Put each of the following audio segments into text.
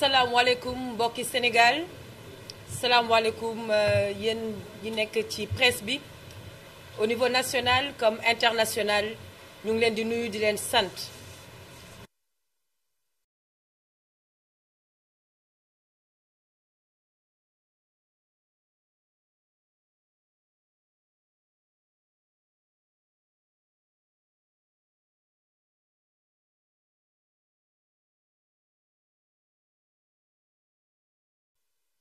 salaamaaleykum mbokki Sénégal salaamaaleykum euh, yéen ñi nekk ci presse bi au niveau national comme international ñu ngi leen di nuyu di leen sant.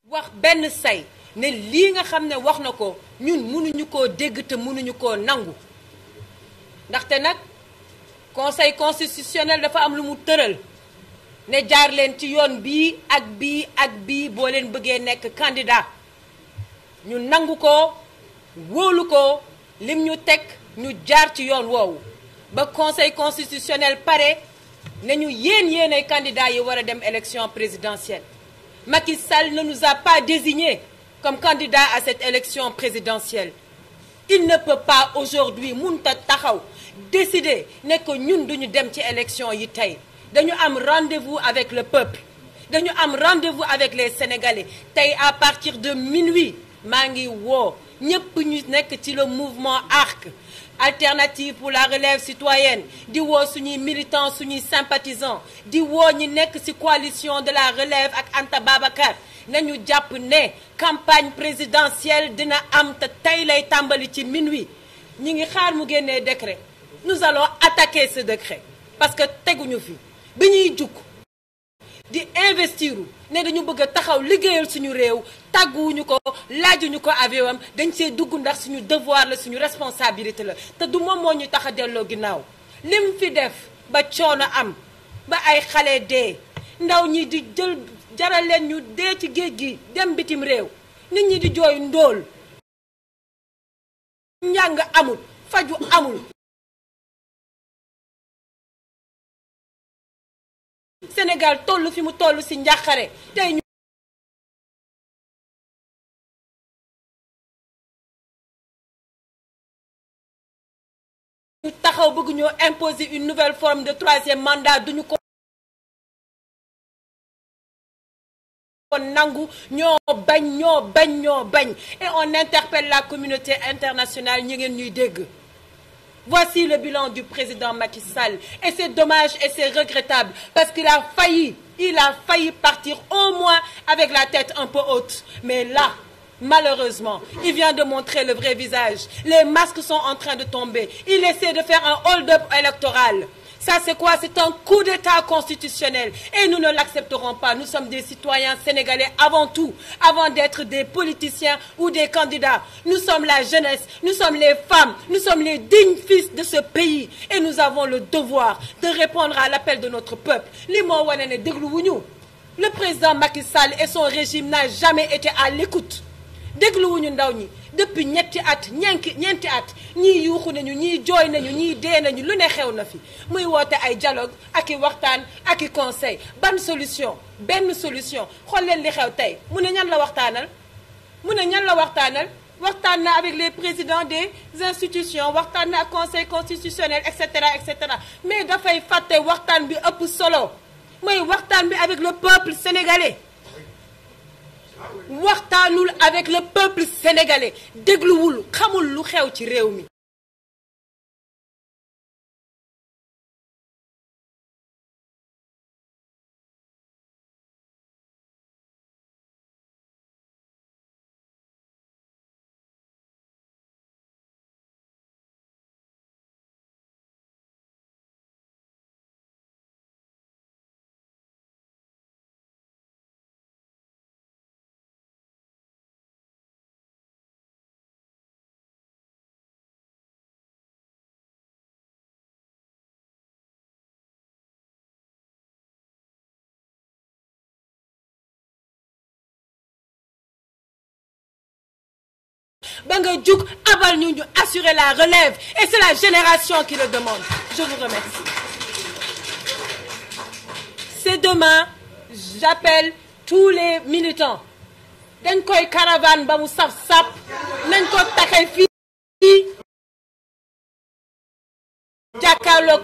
wax benn say ne lii nga xam ne wax na ko ñun mënuñu koo dégg te mënuñu koo nangu ndaxte nag conseil constitutionnel dafa am lu mu tëral ne jaar leen ci yoon bii ak bii ak bii boo leen bëggee nekk candidat ñu nangu ko wóolu ko lim ñu teg ñu jaar ci yoon woowu ba conseil constitutionnel pare nañu yéen yéen ay candidats yi war a dem élection présidentielle Macky Sall ne nous a pas désignés comme candidats à cette élection présidentielle. Il ne peut pas aujourd'hui munta taxaw décider ne que ñun duñu dem ci élection yi tey dañu am rendez-vous avec le peuple dañu am rendez-vous avec les Sénégalais tey à partir de minuit maa ngi woo ñépp ñu nekk ci le mouvement ARC alternative pour la relève citoyenne di woo suñuy militants suñuy sympathisants di woo ñi nekk ci coalition de la relève ak Anta Babacar nañu jàpp ne campagne présidentielle dina am te tey lay tàmbali ci minuit ñi ngi xaar mu génne décret nous allons attaquer ce décret parce que teguñu fi bi ñuy jukk di investiru ne dañu bëgg a taxaw liggéeyal suñu réew tàgguwuñu ko laajuñu ko aviwam dañ see dugg ndax suñu devoir la suñu responsabilité la te du moom moo ñu tax a delloo ginnaaw lim fi def ba coono am ba ay xale dee ndaw ñi di jël jaral leen ñu dee ci géej gi dem bitim réew nit ñi di jooy ndool njàng amul faju amul Sénégal toll fi mu toll ci njàqare tey ñu taxaw bëgg ñoo imposer une nouvelle forme de troisième mandat duñu ko nangu ñoo bañ ñoo bañ ñoo bañ et on interpelle la communauté internationale ñi ngeen ñuy dégg Voici le bilan du président Macky Sall. Et c'est dommage et c'est regrettable parce qu'il a failli, il a failli partir au moins avec la tête un peu haute. Mais là, Malheureusement, il vient de montrer le vrai visage. Les masques sont en train de tomber. Il essaie de faire un hold-up électoral. Ça, c'est quoi C'est un coup d'État constitutionnel. Et nous ne l'accepterons pas. Nous sommes des citoyens sénégalais avant tout, avant d'être des politiciens ou des candidats. Nous sommes la jeunesse, nous sommes les femmes, nous sommes les dignes fils de ce pays. Et nous avons le devoir de répondre à l'appel de notre peuple. Le président Macky Sall et son régime n'ont jamais été à l'écoute. depuis ñetti at ñenki ñeenti at ñii yuuxu nañu ñii jooy nañu ñii dee nañu lu ne xew na fi muy woote ay dialogue ak i waxtaan ak i conseil ban solution benn solution xool leen li xew tey mu ne ñan la waxtaanal mu ne ñan la waxtaanal waxtaan na avec les président des institutions waxtaan na ak conseil constitutionnel et cetera et cetera mais dafay fàtte waxtaan bi ëpp solo mooy waxtaan bi avec le peuple sénégalais waxtaanul avec le peuple sénégale dégluwul xamul lu xew ci réew mi ba nga jug abal ñu ñu la relève et c'est la génération qui le demande je vous remercie c'est demain j'appelle tous les militants dañ koy caravane ba mu saf-saf nañ ko taxe fii jàkkaarloog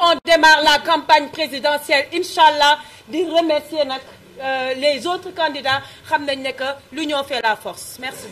on démarre la campagne présidentielle incha allah di remercier nag euh, les autres candidats xam nañ ne que l'union fait la force merci